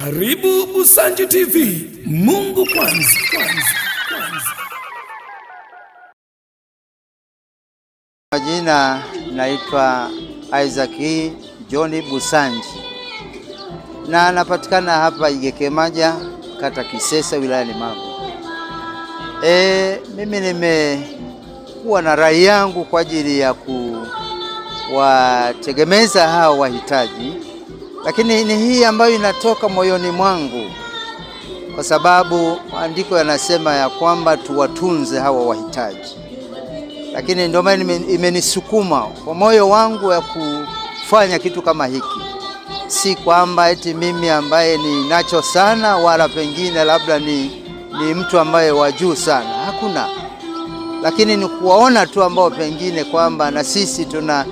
Karibu Busanji TV. Mungu kwanza, kwanza, kwanza. Majina naitwa Isaac e. John Busanji na anapatikana hapa Igekemaja, kata Kisesa, wilayani Magu. E, mimi nimekuwa na rai yangu kwa ajili ya kuwategemeza hao wahitaji lakini ni hii ambayo inatoka moyoni mwangu, kwa sababu maandiko yanasema ya kwamba tuwatunze hawa wahitaji, lakini ndio maana imenisukuma kwa moyo wangu ya kufanya kitu kama hiki. Si kwamba eti mimi ambaye ninacho sana, wala pengine labda ni, ni mtu ambaye wa juu sana, hakuna, lakini ni kuwaona tu ambao pengine kwamba na sisi tuna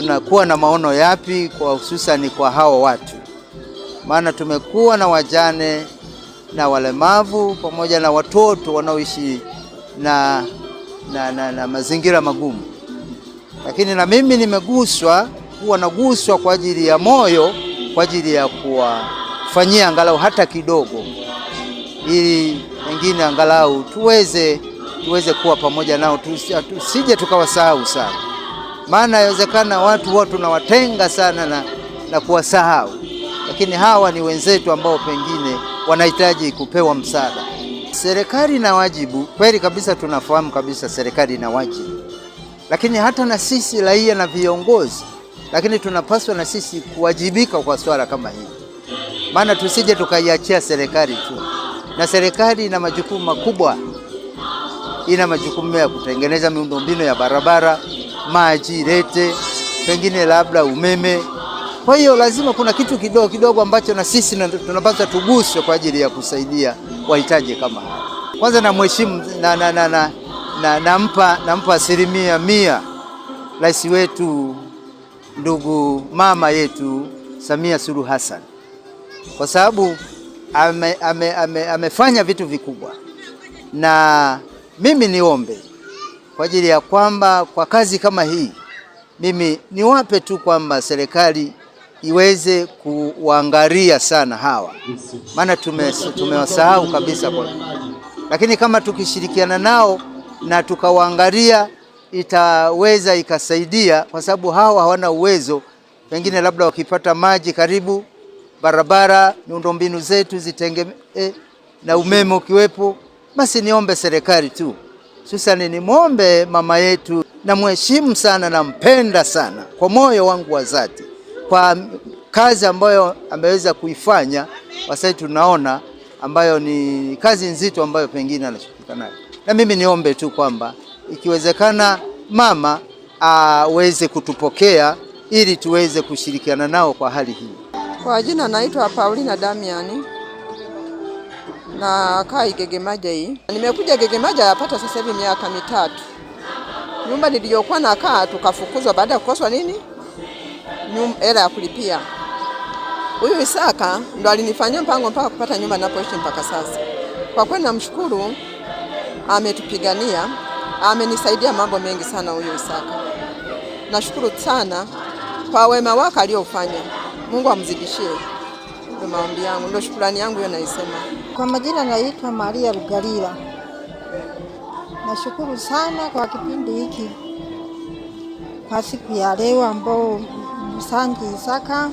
tunakuwa na maono yapi kwa hususani kwa hawa watu, maana tumekuwa na wajane na walemavu pamoja na watoto wanaoishi na, na, na, na mazingira magumu, lakini na mimi nimeguswa kuwa naguswa kwa ajili ya moyo kwa ajili ya kuwafanyia angalau hata kidogo, ili wengine angalau tuweze tuweze kuwa pamoja nao, tusije tukawasahau sana maana yawezekana watu wao tunawatenga sana na, na kuwasahau, lakini hawa ni wenzetu ambao pengine wanahitaji kupewa msaada. Serikali ina wajibu kweli kabisa, tunafahamu kabisa serikali ina wajibu, lakini hata na sisi raia na viongozi, lakini tunapaswa na sisi kuwajibika kwa swala kama hili, maana tusije tukaiachia serikali tu, na serikali ina majukumu makubwa, ina majukumu ya kutengeneza miundombinu ya barabara maji lete, pengine labda umeme. Kwa hiyo lazima kuna kitu kidogo kidogo ambacho na sisi tunapaswa tuguswe kwa ajili ya kusaidia wahitaji kama hawa. Kwanza namheshimu na, na, na, na, na, nampa nampa asilimia mia rais wetu ndugu mama yetu Samia Suluhu Hassan kwa sababu ame, ame, ame, amefanya vitu vikubwa, na mimi niombe kwa ajili ya kwamba kwa kazi kama hii, mimi niwape tu kwamba serikali iweze kuangalia sana hawa, maana tumewasahau kabisa kwa. Lakini kama tukishirikiana nao na tukawaangalia itaweza ikasaidia, kwa sababu hawa hawana uwezo, pengine labda wakipata maji karibu, barabara, miundombinu zetu zitengeme, eh, na umeme ukiwepo, basi niombe serikali tu Susani, nimwombe mama yetu, namheshimu sana, nampenda sana kwa moyo wangu wa dhati kwa kazi ambayo ameweza kuifanya wasai, tunaona ambayo ni kazi nzito ambayo pengine anashughulika nayo, na mimi niombe tu kwamba ikiwezekana mama aweze kutupokea ili tuweze kushirikiana nao kwa hali hii. Kwa jina naitwa Paulina Damiani na kaa Kegemaja hii. Nimekuja Kegemaja yapata sasa hivi miaka mitatu. Nyumba niliyokuwa nakaa tukafukuzwa baada ya kukoswa nini, nyumba hela ya kulipia. Huyu Isaka ndo alinifanyia mpango mpaka kupata nyumba ninapoishi mpaka sasa. Kwa kweli namshukuru, ametupigania, amenisaidia mambo mengi sana huyu Isaka. Nashukuru sana kwa wema wake aliofanya. Mungu amzidishie ndio maombi yangu, ndio shukrani yangu hiyo naisema. Kwa majina naitwa Maria Rugalila. Nashukuru sana kwa kipindi hiki kwa siku ya leo ambao Msangi Isaka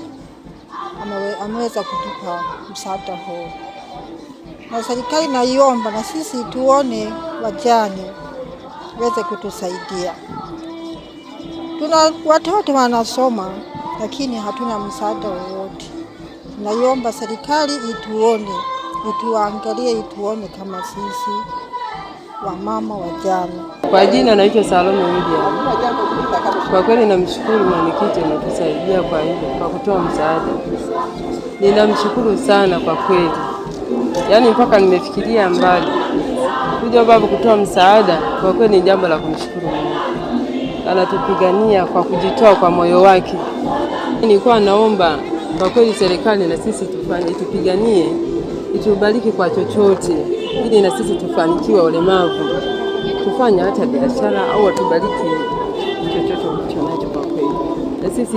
ameweza kutupa msaada huu, na serikali naiomba na sisi tuone wajane weze kutusaidia. Tuna watoto wanasoma, lakini hatuna msaada wowote. Naiomba serikali ituone, ituangalie, ituone kama sisi wamama wajane. Kwa jina naitwa Salome William. Kwa kweli namshukuru mwenyekiti anatusaidia kwa hilo, kwa kutoa msaada. Ninamshukuru sana kwa kweli, yaani mpaka nimefikiria mbali kuja baba kutoa msaada. Kwa kweli ni jambo la kumshukuru Mungu, anatupigania kwa kujitoa kwa moyo wake. Nilikuwa naomba kwa kweli serikali na sisi tufanye, itupiganie, itubariki kwa chochote, ili na sisi tufanikiwe ulemavu tufanye hata biashara au watubariki chochote ulicho kwa kweli na sisi